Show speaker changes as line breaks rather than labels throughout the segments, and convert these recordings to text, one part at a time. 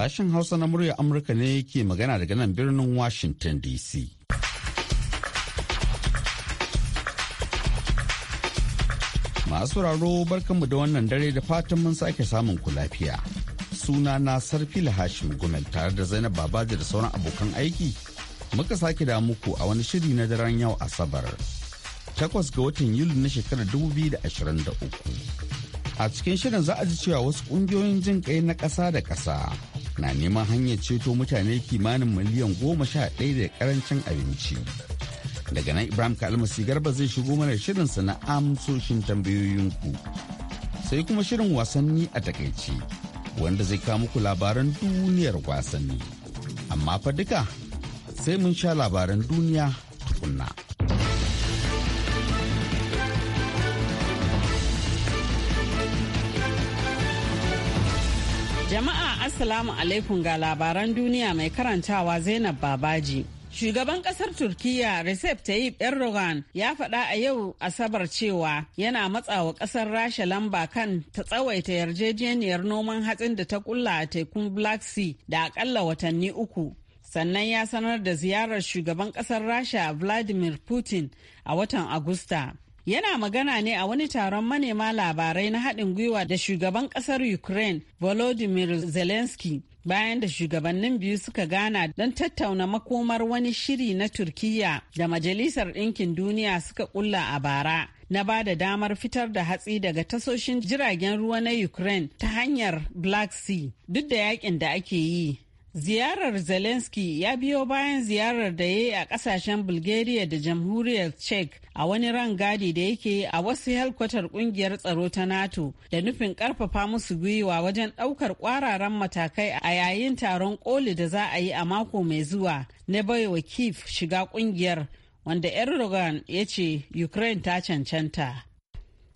Sashen Hausa na murya Amurka ne ke magana daga nan birnin Washington DC. Masu raro barkanmu da wannan dare da fatan mun sake samun ku lafiya. Suna na Sarfi Hashim Gumel tare da Zainab Babaji da sauran abokan aiki. Muka sake da muku a wani shiri na daren yau Asabar. Takwas ga watan Yuli na shekarar 2023. a cikin shirin za a ji cewa wasu kungiyoyin jin kai na ƙasa da ƙasa na neman hanyar ceto mutane kimanin miliyan goma sha ɗaya da karancin abinci. Daga nan Ibrahim Kalmasi Garba zai shigo mana sa na amsoshin tambayoyinku. Sai kuma shirin wasanni a takaici wanda zai kawo muku labaran duniyar wasanni. Amma fa duka sai mun sha labaran duniya tukunna.
Jama'a Assalamu alaikum ga labaran duniya mai karantawa Zainab Babaji. Shugaban kasar Turkiyya Recep Tayyip Erdogan ya faɗa a yau Asabar cewa yana matsawa kasar Rasha lamba kan ta tsawaita yarjejeniyar noman hatsin da ta kulla a tekun Black Sea da akalla watanni uku. Sannan ya sanar da ziyarar shugaban kasar Rasha Vladimir Putin a watan Agusta. Yana magana ne a wani taron manema labarai na haɗin gwiwa da shugaban ƙasar Ukraine Volodymyr Zelensky bayan da shugabannin biyu suka gana don tattauna makomar wani shiri na Turkiyya da Majalisar Ɗinkin Duniya suka ƙulla a bara. na ba da damar fitar da hatsi daga tasoshin jiragen ruwa na Ukraine ta hanyar Black Sea duk da yakin da ake yi. Ziyarar Zelensky ya biyo bayan ziyarar da ya yi a kasashen Bulgaria da Jamhuriyar Czech a wani rangadi da yake a wasu helkwatar kungiyar tsaro ta NATO da nufin karfafa musu gwiwa wajen daukar kwararan matakai a yayin taron koli da za a yi a mako mai zuwa na baiwa Kif shiga kungiyar wanda Erdogan ya ce Ukraine ta cancanta.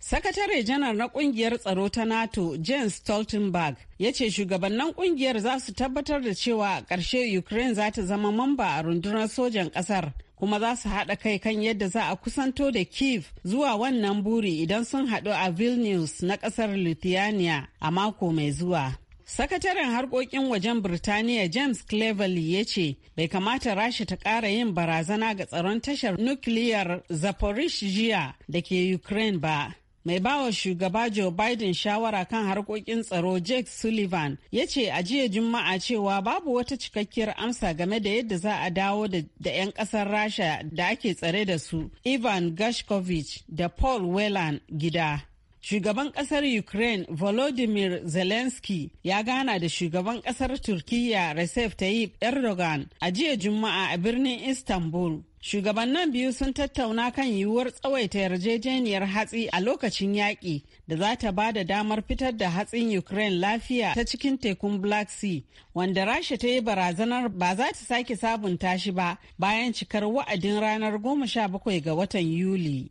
Sakatare janar na kungiyar tsaro ta NATO, Jens Stoltenberg, ya ce shugabannin kungiyar za su tabbatar da cewa ƙarshe Ukraine za ta zama mamba a rundunar sojan ƙasar, kuma za su haɗa kai kan yadda za a kusanto da Kiev zuwa wannan buri idan sun haɗu a Vilnius na ƙasar Lithuania a mako mai zuwa. Sakataren harkokin wajen Birtaniya James Cleverly ya ce bai kamata Rasha ta ƙara yin barazana ga tsaron tashar nukiliyar Zaporizhia da ke Ukraine ba. mai bawa shugaba Joe Biden shawara kan harkokin tsaro Jake Sullivan ya ce a jiya Juma'a cewa babu wata cikakkiyar amsa game da yadda za a dawo da 'yan kasar Rasha da ake tsare da su Ivan Gashkovich da Paul Whelan gida. Shugaban kasar Ukraine Volodymyr Zelensky ya gana da shugaban kasar Turkiyya Recep Tayyip Erdogan a jiya Juma'a a birnin Istanbul. Shugabannin biyu sun tattauna kan yiwuwar tsawaita yarjejeniyar hatsi a lokacin yaƙi da za ta ba da damar fitar da hatsin Ukraine lafiya ta cikin tekun Black Sea, wanda Rasha ta yi barazanar ba za ta sake sabunta shi ba bayan cikar wa'adin ranar 17 ga watan Yuli.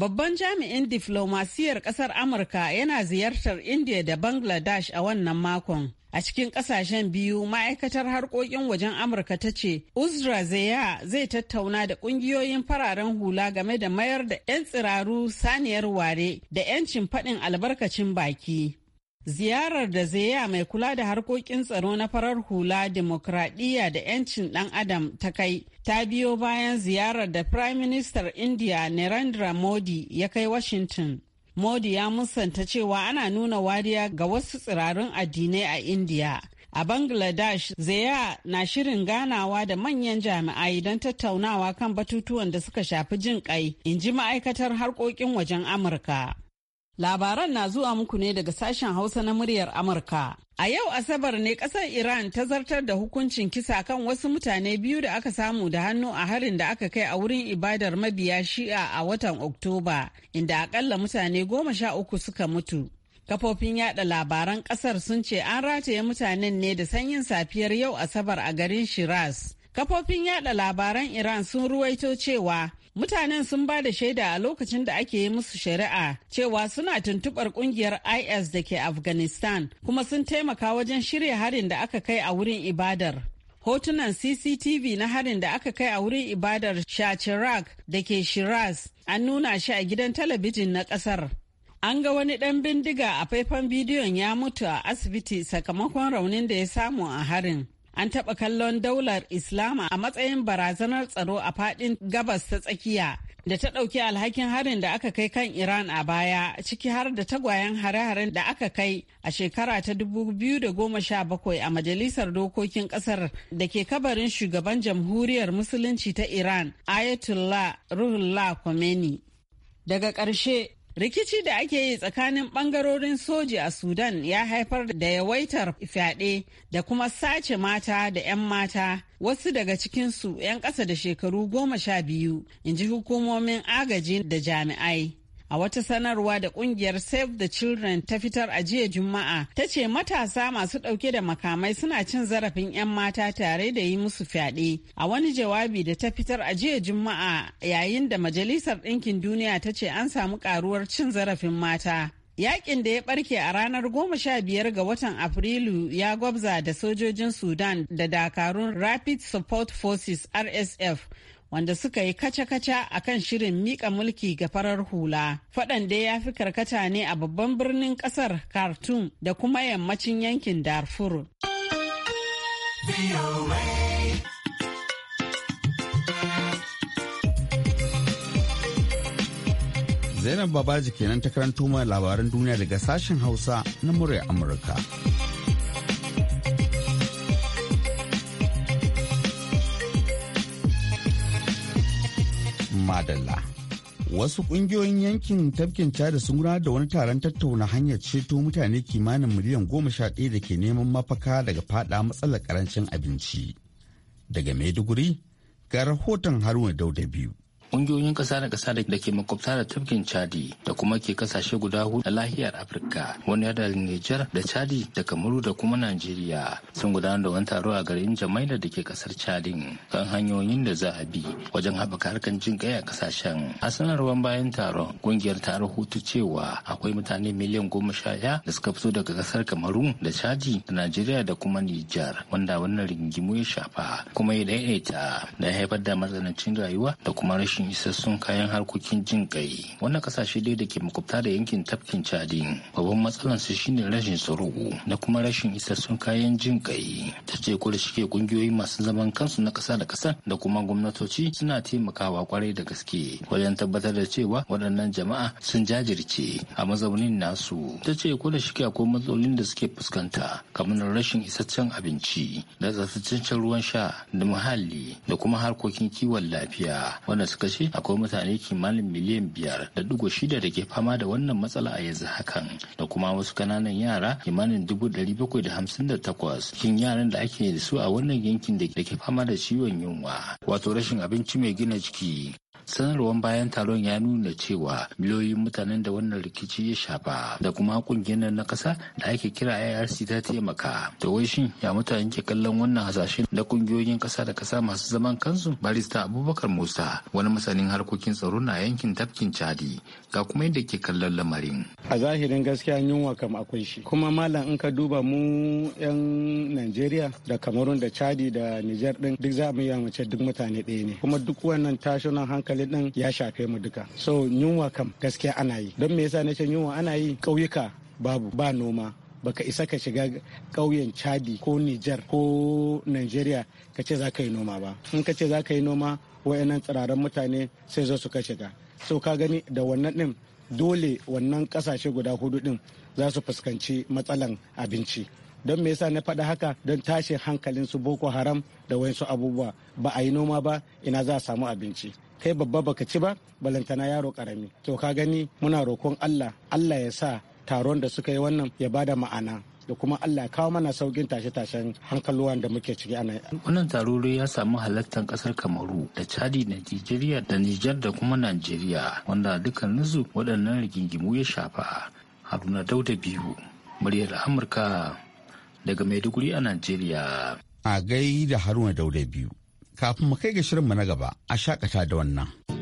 Babban jami'in diflomasiyar ƙasar Amurka yana ziyartar India da Bangladesh a wannan makon. A cikin ƙasashen biyu ma'aikatar harkokin wajen Amurka ta ce, Uzra Zaya zai tattauna da ƙungiyoyin fararen hula game da mayar da 'yan tsiraru saniyar ware da 'yancin faɗin albarkacin baki. Ziyarar da Zaya mai kula da harkokin tsaro na farar hula, demokradiyya da 'yancin ɗan adam ta kai ta biyo bayan ziyarar da Prime Minister India Narendra Modi ya kai Washington. Modi ya musanta cewa ana nuna wariya ga wasu tsirarun addinai a India. A Bangladesh, Zaya na shirin ganawa da manyan jami'ai don tattaunawa kan batutuwan da suka shafi jin kai, in ji ma'aikatar harkokin wajen Amurka. Labaran na zuwa muku ne daga sashen Hausa na muryar Amurka. A yau Asabar ne ƙasar Iran ta zartar da hukuncin kisa kan wasu mutane biyu da aka samu da hannu a harin da aka kai a wurin ibadar mabiya shi'a a watan Oktoba, inda akalla mutane goma sha uku suka mutu. Kafofin yada labaran ƙasar sun ce an rataye mutanen ne da sanyin safiyar yau Asabar a garin Shiraz. Kafofin yada labaran Iran sun ruwaito cewa Mutanen sun ba da shaida a lokacin da ake yi musu shari'a cewa suna tuntubar kungiyar IS da ke Afghanistan kuma sun taimaka wajen shirya harin da aka kai a wurin ibadar. Hotunan CCTV na harin da aka kai a wurin ibadar Shachirak da ke Shiraz an nuna shi a gidan talabijin na kasar. An ga wani ɗan bindiga a faifan bidiyon ya mutu a asibiti sakamakon raunin da ya samu a harin. An taɓa kallon daular Islama a matsayin barazanar tsaro a faɗin gabas ta tsakiya da ta ɗauki alhakin harin da aka kai kan Iran a baya ciki har da tagwayen hare-haren da aka kai a shekara ta 2017 a Majalisar Dokokin Ƙasar da ke kabarin shugaban jamhuriyar Musulunci ta Iran Ayatollah Ruhullah Khomeini. Daga ƙarshe rikici da ake yi tsakanin bangarorin soji a sudan ya haifar da yawaitar fyaɗe da kuma sace mata da 'yan mata wasu daga cikinsu 'yan ƙasa da shekaru goma sha biyu in ji hukumomin agaji da jami'ai A wata sanarwa da kungiyar Save the Children ta fitar a jiya Juma'a ta ce matasa masu ɗauke da makamai suna cin zarafin 'yan mata tare da yi musu fyaɗe. A wani jawabi da ta fitar a jiya Juma'a yayin da Majalisar Ɗinkin Duniya ta ce an samu ƙaruwar cin zarafin mata. Yakin da ya barke a ranar goma sha biyar ga watan Afrilu ya gwabza da sojojin Sudan da dakarun Rapid Support Forces RSF wanda suka yi kaca-kaca a kan shirin mika mulki ga farar hula. Faɗan dai ya fi karkata ne a babban birnin kasar Khartoum da kuma yammacin yankin Darfur.
Zainab
Babaji kenan ta karanto labaran duniya daga sashen Hausa na murya Amurka. madalla wasu ƙungiyoyin yankin tafkin chad sun gudanar da wani taron tattauna hanyar ceto mutane kimanin miliyan goma sha ɗaya da ke neman mafaka daga faɗa matsalar ƙarancin abinci daga maiduguri
ga rahoton haruna dauda biyu kungiyoyin ƙasa da ƙasa da ke makwabta da tafkin chadi da kuma ke kasashe guda hudu na lahiyar afirka wani yada Niger da chadi da kamaru da kuma najeriya sun gudanar da wani taro a garin jamaida da ke kasar chadin kan hanyoyin da za a bi wajen haɓaka harkan jin kai a ƙasashen a sanarwar bayan taron kungiyar ta rahoto cewa akwai mutane miliyan goma sha ɗaya da suka fito daga ƙasar kamaru da chadi da najeriya da kuma Niger, wanda wannan rigingimu ya shafa kuma ya daidaita da haifar da matsanancin rayuwa da kuma rashin rashin isassun kayan harkokin jin kai wannan kasashe dai da ke makwabta da yankin tafkin chadi babban matsalansu shine rashin tsaro da kuma rashin isassun kayan jin kai ta ce ko da shike kungiyoyi masu zaman kansu na kasa da kasa da kuma gwamnatoci suna taimakawa kwarai da gaske wajen tabbatar da cewa waɗannan jama'a sun jajirce a mazaunin nasu ta ce ko da shike akwai matsalolin da suke fuskanta kamar rashin isasshen abinci da tsaftataccen ruwan sha da muhalli da kuma harkokin kiwon lafiya wanda suka ƙasashe akwai mutane kimanin miliyan biyar da dugo shida da ke fama da wannan matsala a yanzu hakan da kuma wasu kananan yara kimanin dubu ɗari bakwai da hamsin da takwas cikin yaran da ake da su a wannan yankin da ke fama da ciwon yunwa wato rashin abinci mai gina jiki sanarwar bayan taron ya nuna cewa miliyoyin mutanen da wannan rikici ya shafa da kuma kungiyar na kasa da ake kira irc ta taimaka da wai shin ya mutane ke kallon wannan hasashen na kungiyoyin kasa da kasa masu zaman kansu barista abubakar musa wani masanin harkokin tsaro na yankin tafkin chadi ga kuma yadda ke kallon lamarin
a zahirin gaskiya yunwa kam akwai shi kuma malam in ka duba mu yan najeriya da kamarun da chadi da niger din duk za mu yi mace duk mutane ɗaya ne kuma duk wannan tashunan hankali halin din ya shafe mu duka so yunwa kam gaskiya ana yi don me yasa na ce yunwa ana yi ƙauyuka babu ba noma baka isa ka shiga ƙauyen chadi ko niger ko nigeria ka ce za yi noma ba in ka ce za yi noma wayannan tsiraran mutane sai zo su ka shiga so ka gani da wannan din dole wannan kasashe guda hudu din za su fuskanci matsalan abinci don me yasa na faɗa haka don tashin hankalin su boko haram da wasu abubuwa ba a yi noma ba ina za a samu abinci kai babba baka ci ba balantana yaro karami to ka gani muna roƙon Allah Allah ya sa taron da suka yi wannan ya bada ma'ana da kuma Allah ya kawo mana saukin tashe-tashen hankaluwan da muke ciki a
Wannan taro ya samu halartar kasar Kamaru da Chadi da nigeria da Nijar da kuma Najeriya wanda nasu waɗannan rigingimu ya shafa. Haruna Dauda biyu, muryar Amurka daga Maiduguri a Najeriya. A gai da Haruna Dauda biyu. Kafin mu kai
ga shirinmu na gaba, a shakata da wannan.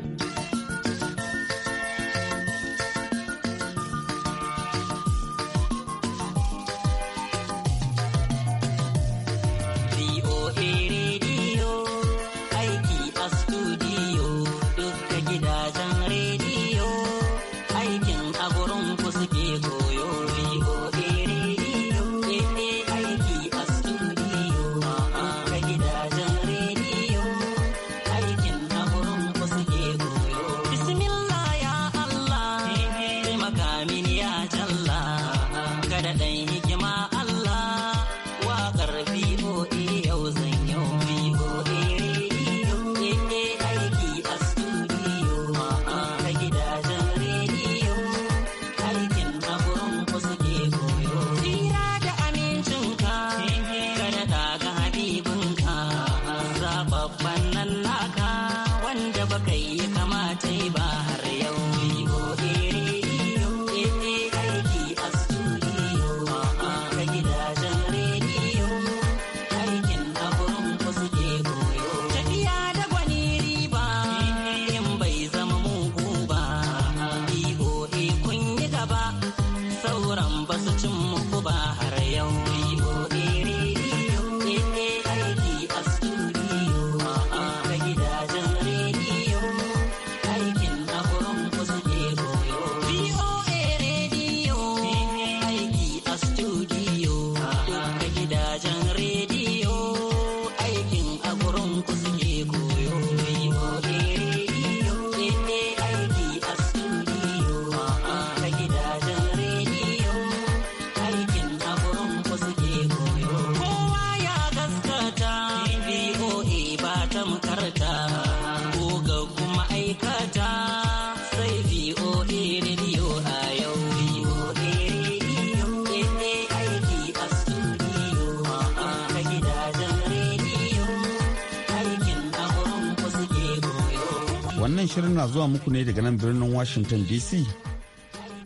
zuwa muku ne daga nan birnin Washington DC.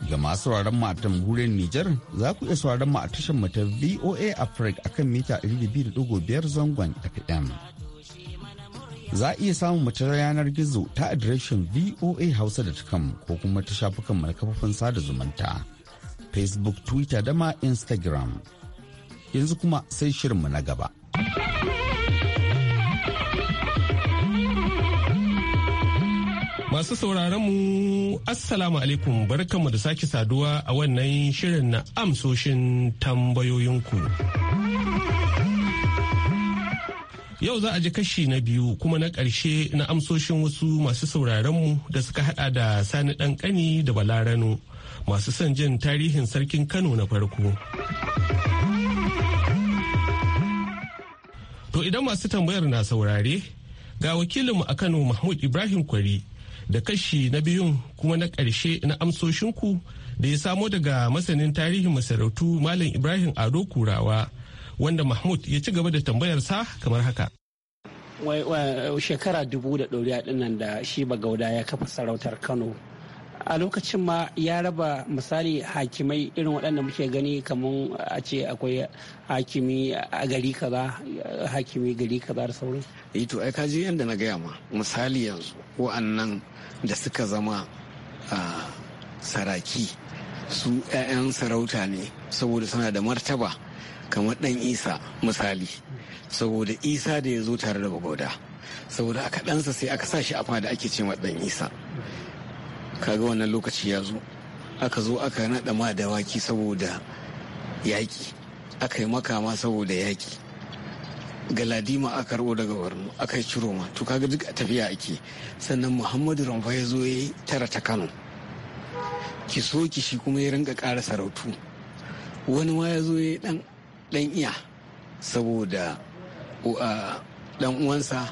Ga masu sauraron mu a tamhuriyar Nijar za ku iya sauraron mu a tashar mu ta VOA Africa akan mita 22.5 zangon FM. Za a iya samun mace yanar gizo ta adireshin hausa da voahausa.com ko kuma ta shafukan mu na kafafen sada zumunta. Facebook, Twitter da ma Instagram. Yanzu kuma sai shirinmu na gaba.
Masu sauraron mu Assalamu alaikum barkanmu da sake saduwa a wannan shirin na amsoshin tambayoyinku. Yau za a ji kashi na biyu kuma na ƙarshe na amsoshin wasu masu mu da suka hada da sani ɗanƙani da balarano masu son jin tarihin sarkin Kano na farko. To idan masu tambayar na saurare, ga wakilinmu a Kano Mahmud Ibrahim Kwari da kashi na biyun kuma na ƙarshe na amsoshinku da ya samo daga masanin tarihin masarautu Malam Ibrahim Ado Kurawa wanda Mahmud ya ci gaba da tambayarsa kamar haka.
Shekara dubu da ɗoriya ɗinnan da shi ba gauda ya kafa sarautar Kano a lokacin ma ya raba misali hakimai irin waɗanda muke gani kamar a ce akwai hakimi a gari kaza hakimi gari kaza da sauran eh to ai yadda na gaya ma misali yanzu
wa'annan da suka zama a saraki su 'ya'yan sarauta ne saboda suna da martaba kamar ɗan isa misali saboda isa da ya zo tare da bagoda saboda aka ɗansa sai aka sa shi a fada ake ce ɗan isa kaga wannan lokaci ya zo aka zo aka naɗa ma dawaki saboda yaki aka yi makama saboda yaki galadima aka rabo daga borno aka yi ciroma to kaga duk a tafiya ake sannan muhammadu ramfa ya zo ya yi tara ta kano ki so ki shi kuma ya rinka ƙara sarautu wani ma ya zo ya yi dan iya saboda dan uwansa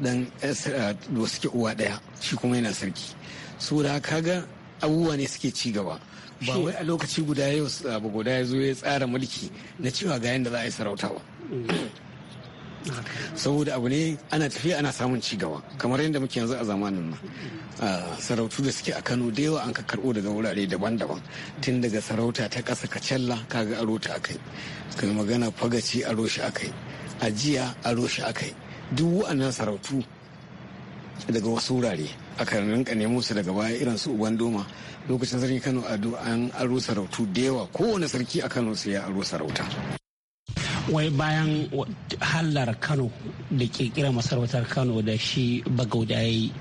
dan da eh, suke uwa ɗaya shi kuma yana sarki saboda kaga abubuwa ne suke ci gaba ba wai a lokaci guda yau abu guda ya zo ya tsara mulki na cewa ga yadda za a yi sarauta ba mm. saboda abu ne ana tafiya ana samun ci gaba kamar yadda muke yanzu a zamanin nan sarautu da suke a kano da yawa an ka karɓo daga wurare daban-daban tun daga sarauta ta ƙasa kacalla kaga aro ta akai kai magana fagaci aro shi akai ajiya aro shi akai duk wa'annan sarautu daga wasu wurare aka rinka nemo su daga baya irin su uban doma lokacin sarki kano ado an aro sarautu da yawa kowane sarki a kano sai ya aro sarauta
wai bayan hallar kano da kira masarautar kano da shi bagauda ya yi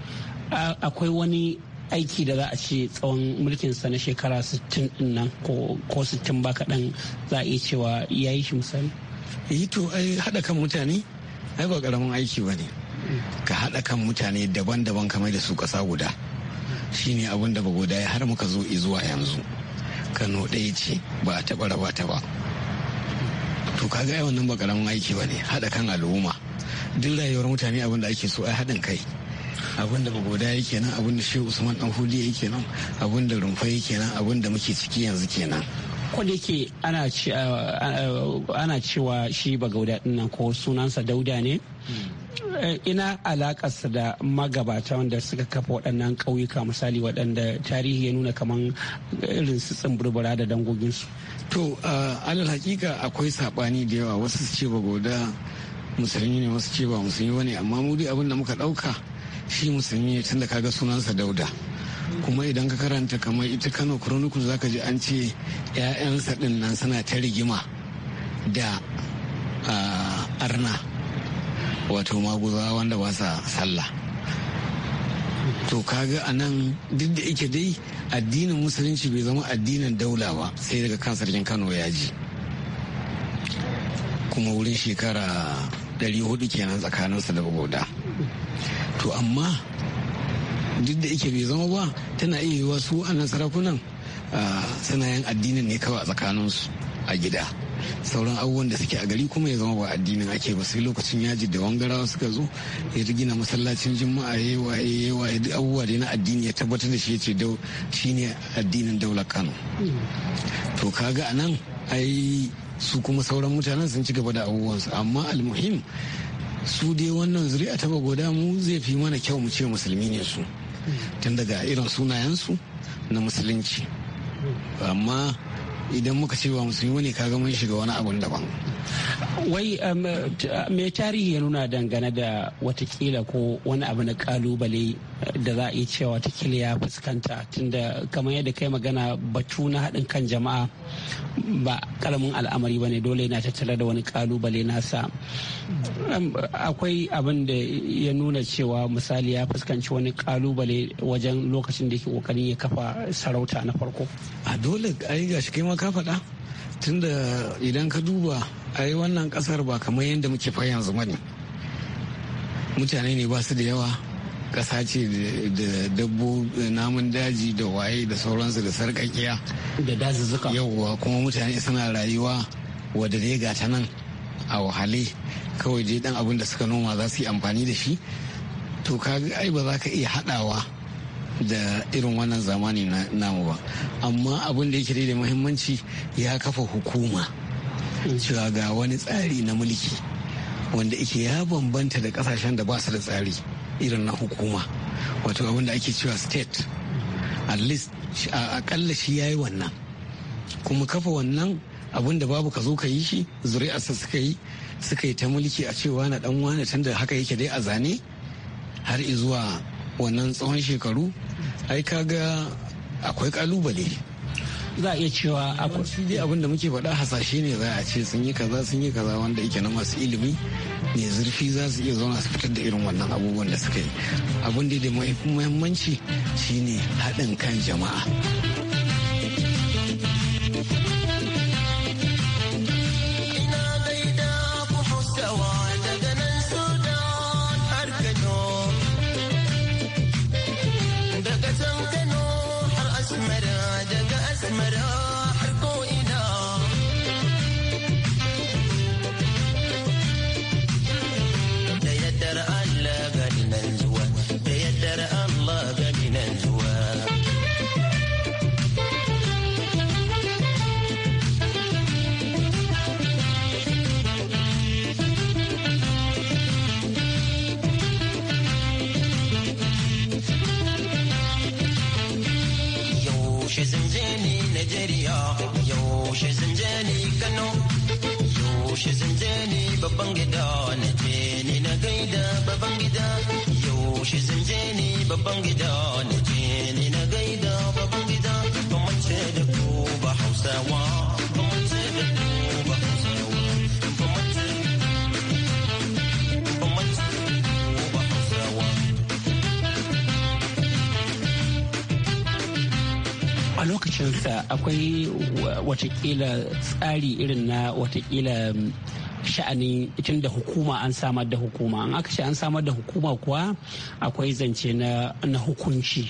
akwai wani aiki da za a ce tsawon mulkinsa na shekara 60 din nan ko 60 ba kaɗan za a iya cewa ya yi shi misali yi eh to ai haɗa kan mutane ai ba ƙaramin aiki ba ne ka haɗa
kan mutane daban-daban kamar da su ƙasa guda shi ne abin da bagoda ya har muka zo zuwa yanzu kano ɗaya ce ba a taɓa raba ta ba to ka ga wannan ba ƙaramin aiki ba ne haɗa kan al'umma duk rayuwar mutane abin da ake so ai haɗin kai abin da bagoda yake nan abin da shehu usman dan hudu yake nan abin da rumfa yake nan abin da muke ciki yanzu kenan
da yake ana cewa shi bagauda dinnan ko sunansa dauda ne Eh, ina alakarsa da magabata wanda suka kafa waɗannan ƙauyuka misali waɗanda tarihi ya nuna kamar irin su tsumburbura da dangoginsu to eh, alal hakika akwai saɓani
da yawa wasu su ce ba goda musulmi ne wasu ce ba musulmi ne amma mu abin da muka ɗauka shi musulmi ne tunda kaga sunansa dauda kuma idan ka karanta kamar ita kano chronicles zaka ji an ce 'ya'yansa ɗin nan suna ta rigima da eh, arna wato maguza wanda ba sa sallah to kaga a nan duk da ike dai addinin musulunci bai zama addinin daula ba sai daga kan sarkin kano ya ji kuma wurin shekara hudu kenan tsakaninsa da bauda to amma duk da ike bai zama ba tana iya yiwa su nan sarakunan ah, suna yin addinin ne kawai a tsakaninsu a gida sauran abubuwan da suke a gari kuma ya zama ba addinin ake ba sai lokacin yaji da wangarawa suka zo ya gina masallacin juma'a ya waye ya waye duk abubuwa da na addini ya tabbatar da shi ya ce shi ne addinin daular kano to kaga anan ai su kuma sauran mutanen sun ci gaba da abubuwansu amma almuhim su dai wannan zuri'a ta bagoda mu zai fi mana kyau mu ce musulmi ne su tun daga irin sunayensu na musulunci
amma idan muka ce ba musulmi ne kaga mun shiga wani abun daban wai mai um, tarihi ya nuna dangane da watakila ko wani abu na kalubale da za a iya cewa watakila ya fuskanta tunda kamar yadda kai magana batu na haɗin kan jama'a ba kalamin al'amari ba ne dole yana tattala da wani kalubale nasa um, akwai abin da ya nuna cewa misali ya fuskanci wani kalubale wajen lokacin da yake kokarin ya kafa sarauta na farko a dole ai gashi kai ma ka faɗa tunda idan ka duba
ai wannan kasar ba kamar yadda muke fa yanzu bane mutane ne ba su da yawa ƙasa ce da dabbo namun daji da waye da sauransu da sarkakiya da dazuzzuka yauwa kuma mutane suna rayuwa wadda dai ga ta nan a wahale kawai dai dan abin da suka noma za su yi amfani da shi to kaga ai ba za ka iya haɗawa da irin wannan zamani namu ba amma abin da yake da muhimmanci ya kafa hukuma cewa ga wani tsari na mulki wanda ike ya bambanta da kasashen da ba su da tsari irin na hukuma wato abin da ake cewa state at least akalla shi ya yi wannan kuma kafa wannan abin da babu ka zo ka yi shi zuri'arsa suka yi suka yi ta mulki a cewa na dan wani tunda haka yake dai a zane har zuwa wannan tsawon shekaru ai kaga akwai kalubale za a iya cewa akwai abin da muke faɗa hasashe ne za a ce sun yi kaza sun yi kaza wanda yake na masu ilimi ne zurfi za su iya zauna su fitar da irin wannan abubuwan da suka yi abin da da muhimmanci shine haɗin kan jama'a
gida yau shi zan babban gida na je na gaida babban gida ba
mace da ku ba hausawa
a
lokacinsa akwai watakila tsari irin na watakila sha'anin tun da hukuma an samar da hukuma an aka an samar da hukuma kuwa akwai zance na hukunci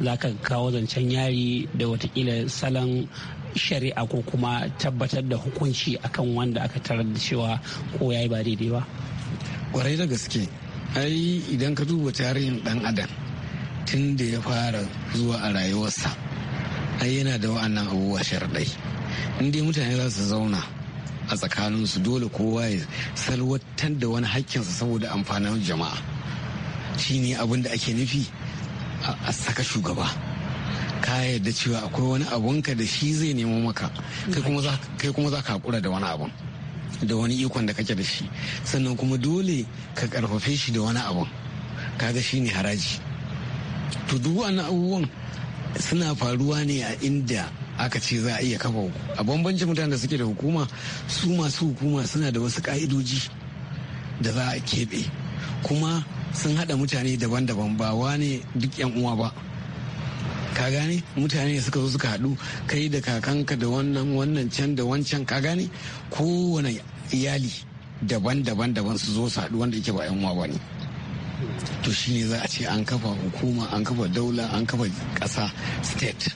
za ka kawo zancen yari da watakila salon shari'a ko kuma tabbatar da hukunci akan wanda aka tarar da cewa ko ya yi ba daidai ba
kwarai da gaske ai idan ka duba tarihin dan adam tun da ya fara zuwa a rayuwarsa ai yana da wa'annan abubuwa sharaɗai in dai mutane za su zauna a tsakaninsu dole kowa ya salwatar da wani hakkinsa saboda amfanin jama'a shi ne abin da ake nufi a saka shugaba ka yarda cewa akwai wani abunka da shi zai nemo maka kai kuma za ka hakura da wani abun da wani ikon da kake da shi sannan kuma dole ka karfafe shi da wani abun kaga shi ne haraji to duk wani abubuwan suna faruwa ne a inda aka ce za a iya kafa hukuma a bambancin mutane da suke da hukuma su masu hukuma suna da wasu ka'idoji da za a keɓe kuma sun haɗa mutane daban-daban ba wane duk yan uwa ba ka gane mutane suka zo suka haɗu kai da kakanka da wannan wannan can da wancan ka gane kowane iyali daban-daban daban su zo su haɗu wanda yake ba yan uwa ba ne to shine za a ce an kafa hukuma an kafa daula an kafa ƙasa state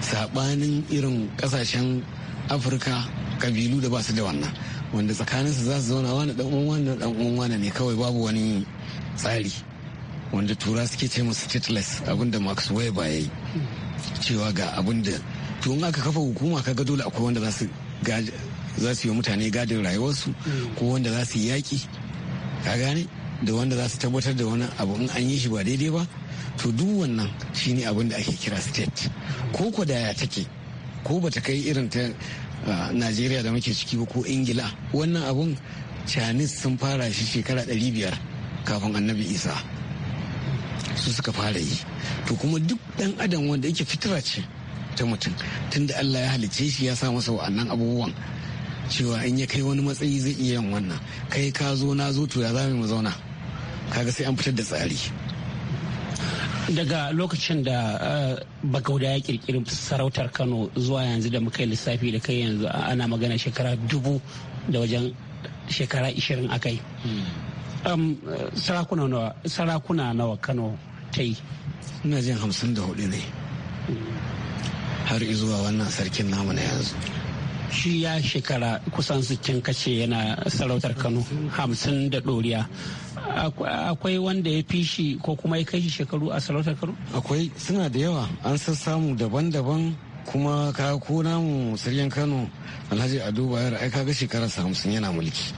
saɓanin irin kasashen afirka kabilu da ba su da wannan wanda tsakaninsu za su zauna wani dan uwan wani dan uwan wani ne kawai babu wani tsari wanda tura suke ce musu stateless abinda max weber ya yi cewa ga abinda to in aka kafa hukuma ka ga dole akwai wanda za su yi mutane gadin rayuwarsu ko wanda za su yi yaƙi ka gane da wanda za su tabbatar da wani abu in an yi shi ba daidai ba to duk wannan shine abin da ake kira state ko ko take ko bata kai irin ta najeriya da muke ciki ba ko ingila wannan abun Canis sun fara shi shekara ɗari biyar kafin annabi isa su suka fara yi to kuma duk dan adam wanda yake fitira ce ta mutum tunda allah ya halicce shi ya sa masa wa'annan abubuwan cewa in ya kai wani matsayi zai iya yin wannan kai ka zo na zo to ya za mu zauna kaga sai an fitar da tsari
daga lokacin da eh, bagauda ya kirkiri sarautar kano zuwa yanzu da muka yi lissafi da kai yanzu ana magana shekara dubu da wajen shekara ishirin a kai hmm. um, sarakuna nawa kano ta yi ina jin hamsin da hudu ne hmm. har zuwa wannan sarkin namu na yanzu shi ya shekara kusan sittin kace yana sarautar kano hamsin da ɗoriya akwai wanda ya fi shi ko kuma ya kai shi shekaru a sarautar kano akwai suna da yawa an san samu daban-daban
kuma ka ko namu siryan kano alhaji ado bayar ai kaga shekara hamsin yana mulki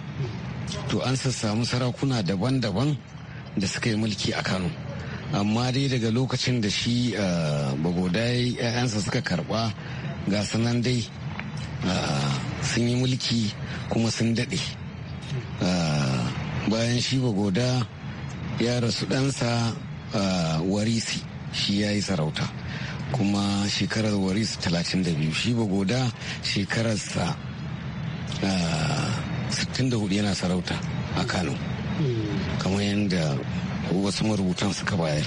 to an sassamu sarakuna daban-daban da suka yi mulki a kano amma dai daga lokacin da shi eh, bagodai 'ya'yansa suka karba ga sanan dai Ah, sun yi mulki kuma sun daɗe ah, bayan shi goda ya rasu ɗansa ah, warisi shi ya yi sarauta kuma shekarar warisi 32 shi goda shekararsa 64 yana sarauta a kano kamar yadda wasu marubutan suka bayar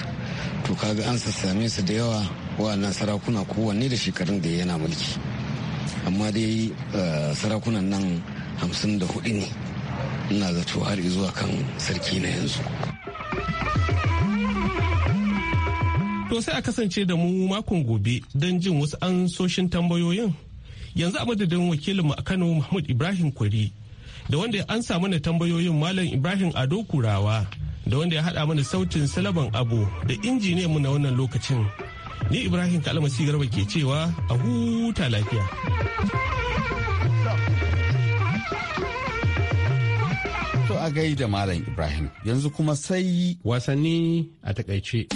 to kaga an sassame su da yawa wa'annan sarakuna kowanne da shekarun da yana mulki amma dai eh, sarakunan nan hamsin da hudu ne ina zato har zuwa kan sarki na yanzu
to sai a kasance da mu makon gobe don jin wasu ansoshin tambayoyin yanzu a madadin wakilinmu a kano mahmud ibrahim kwari da wanda ya ansa mana tambayoyin malam ibrahim ado kurawa da wanda ya hada mana sautin salaban abu da injiniyanmu na wannan lokacin Ni Ibrahim Kalmasi Garba ke cewa a huta lafiya.
To a gaida Malam Ibrahim yanzu kuma sai wasanni a takaice.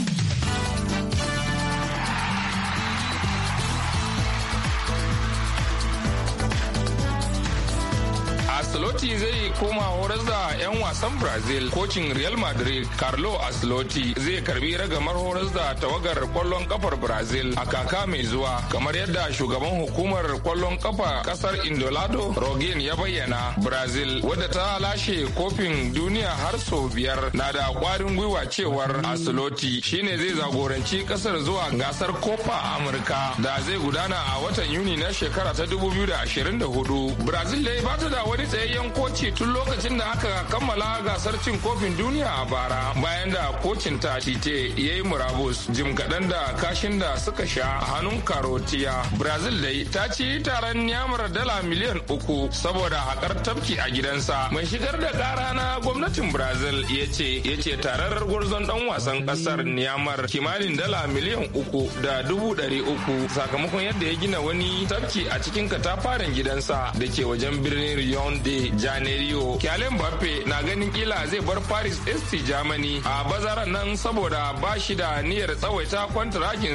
koma horar da 'yan wasan brazil kocin real madrid carlo asloti zai karbi ragamar horar da tawagar kwallon kafar brazil a kaka mai zuwa kamar yadda shugaban hukumar kwallon kafa kasar indolado rogin ya bayyana brazil wadda ta lashe kofin duniya har sau biyar na da kwarin gwiwa cewar asloti shine zai zagoranci kasar zuwa gasar kofa amurka da zai gudana a watan yuni na shekara ta 2024 brazil dai ba ta da wani tsayayyen koci tun lokacin da aka kammala gasar cin kofin duniya a bara bayan da kocin ta tite ya yi murabus jim kaɗan da kashin da suka sha hannun karotiya brazil dai ta ci taron nyamar dala miliyan uku saboda haƙar tafki a gidansa mai shigar da ƙara na gwamnatin brazil ya ce ya ce tarar gwarzon ɗan wasan ƙasar nyamar kimanin dala miliyan uku da dubu ɗari uku sakamakon yadda ya gina wani tafki a cikin katafaren gidansa da ke wajen birnin rio de janeiro Lazio Kyale Mbappe na ganin kila zai bar Paris ST Germany a bazaran nan saboda ba shi da niyyar tsawaita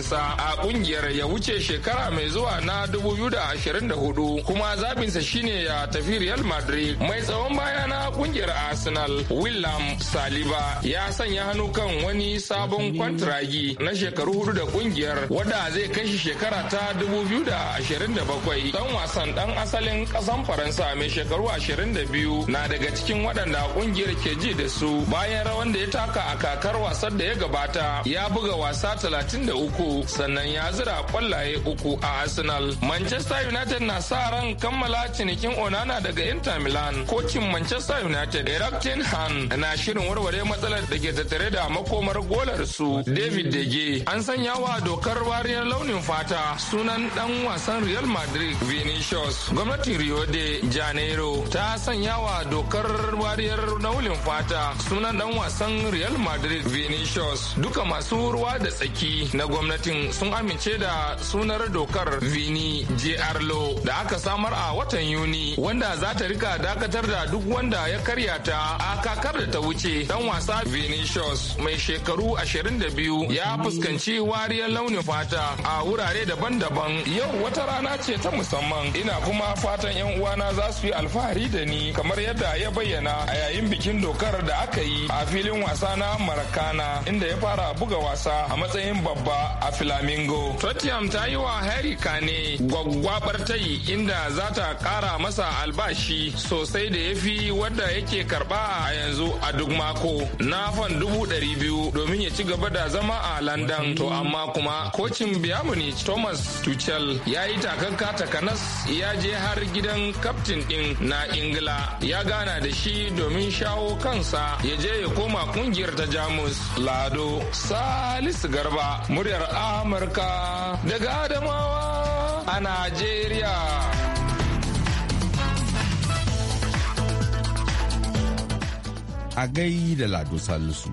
sa, a kungiyar ya wuce shekara mai zuwa na 2024 kuma zabinsa shine ya tafi Real Madrid mai tsawon baya na kungiyar Arsenal William Saliba ya sanya hannu kan wani sabon kwantaragi na shekaru hudu da kungiyar wadda zai kai shi shekara ta 2027 dan wasan dan asalin kasan Faransa mai shekaru 22 na daga cikin waɗanda ƙungiyar ke ji da su bayan rawan da ya taka a kakar wasan da ya gabata ya buga wasa 33 sannan ya zira kwallaye uku a Arsenal. Manchester United na sa ran kammala cinikin Onana daga Inter Milan. Kocin Manchester United Eric Ten na shirin warware matsalar da ke tattare da makomar golar su David Dege. An sanya wa dokar wariyar launin fata sunan dan wasan Real Madrid Vinicius. Gwamnatin Rio de Janeiro ta sanya wa dokar wariyar naulin fata sunan dan wasan Real Madrid Vinicius duka masu ruwa da tsaki na gwamnatin sun amince da sunar dokar Vini jr lo da aka samar a watan Yuni wanda za ta rika dakatar da duk wanda ya karya ta a kakar da ta wuce dan wasa Vinicius mai shekaru 22 ya fuskanci wariyar launin fata a wurare daban-daban yau wata rana ce ta musamman ina kuma fatan yan uwana za su yi alfahari da ni kamar yadda ya bayyana a yayin bikin dokar da aka yi a filin wasa na Marakana inda ya fara buga wasa a matsayin babba a Flamingo. Tottenham ta yi wa Harry Kane gwaggwabar yi inda za ta kara masa albashi sosai da ya fi wadda yake karba a yanzu a duk mako na fan dubu ɗari biyu domin ya ci gaba da zama a London to amma kuma kocin Biyamuni Thomas Tuchel ya yi takakka takanas ya je har gidan kaftin din na Ingila ya ya gana da shi domin shawo kansa ya je ya koma kungiyar ta jamus lado salisu garba muryar amurka daga adamawa a
najeriya a gai da lado salisu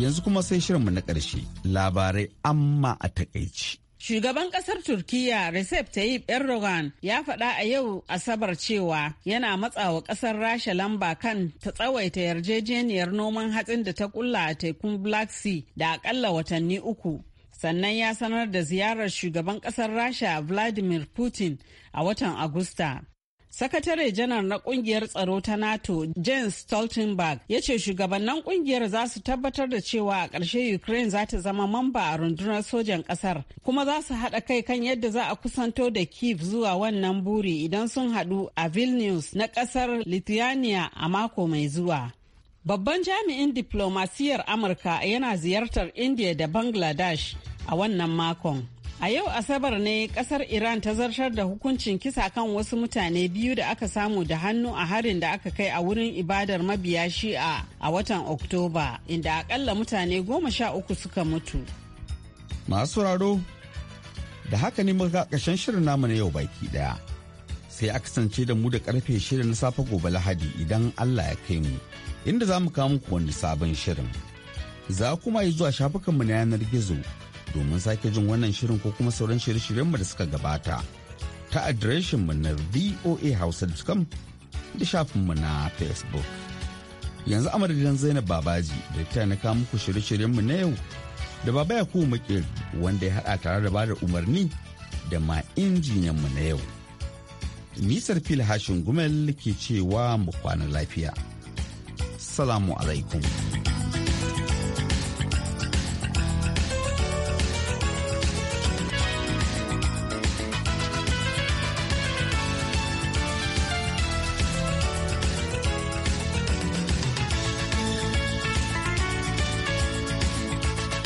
yanzu kuma sai shirinmu na ƙarshe labarai amma a takaici.
Shugaban kasar Turkiyya Recep Tayyip Erdogan ya faɗa a yau Asabar cewa yana matsawa kasar Rasha lamba kan ta tsawaita yarjejeniyar noman hatsin da ta kulla a tekun Black Sea da akalla watanni uku. Sannan ya sanar da ziyarar shugaban kasar Rasha Vladimir Putin a watan Agusta. Sakatare janar na kungiyar tsaro ta NATO, Jens Stoltenberg, ya ce shugabannin kungiyar za su tabbatar da cewa a ƙarshe Ukraine za ta zama mamba a rundunar sojan ƙasar, kuma za su haɗa kai kan yadda za a kusanto da Kiev zuwa wannan buri idan sun haɗu a Vilnius na ƙasar Lithuania a mako mai zuwa. Babban jami'in diplomasiyar Amurka yana ziyartar India da Bangladesh a wannan makon. A yau Asabar ne kasar Iran ta zartar da hukuncin kisa kan wasu mutane biyu da aka samu da hannu a harin da aka kai a wurin ibadar mabiya shi'a a watan Oktoba, inda akalla mutane goma sha uku suka mutu.
Masu raro, da haka ne muka ƙarshen shirin namu na yau baki daya. Sai a kasance da mu da karfe shida na safe gobe Lahadi idan Allah ya kai mu, inda za mu kawo muku wani sabon shirin. Za kuma yi zuwa shafukanmu na yanar gizo. domin sake jin wannan shirin ko kuma sauran shirye-shiryenmu da suka gabata ta mu na voahausa.com da shafinmu na facebook yanzu amadadin zainab babaji da ta na kawo muku shirye-shiryenmu na yau da baba ya kuma wanda ya haɗa tare da bada umarni da ma injiniyanmu na yau nisar fil hashin gumel ke cewa mu kwana lafiya salamu alaikum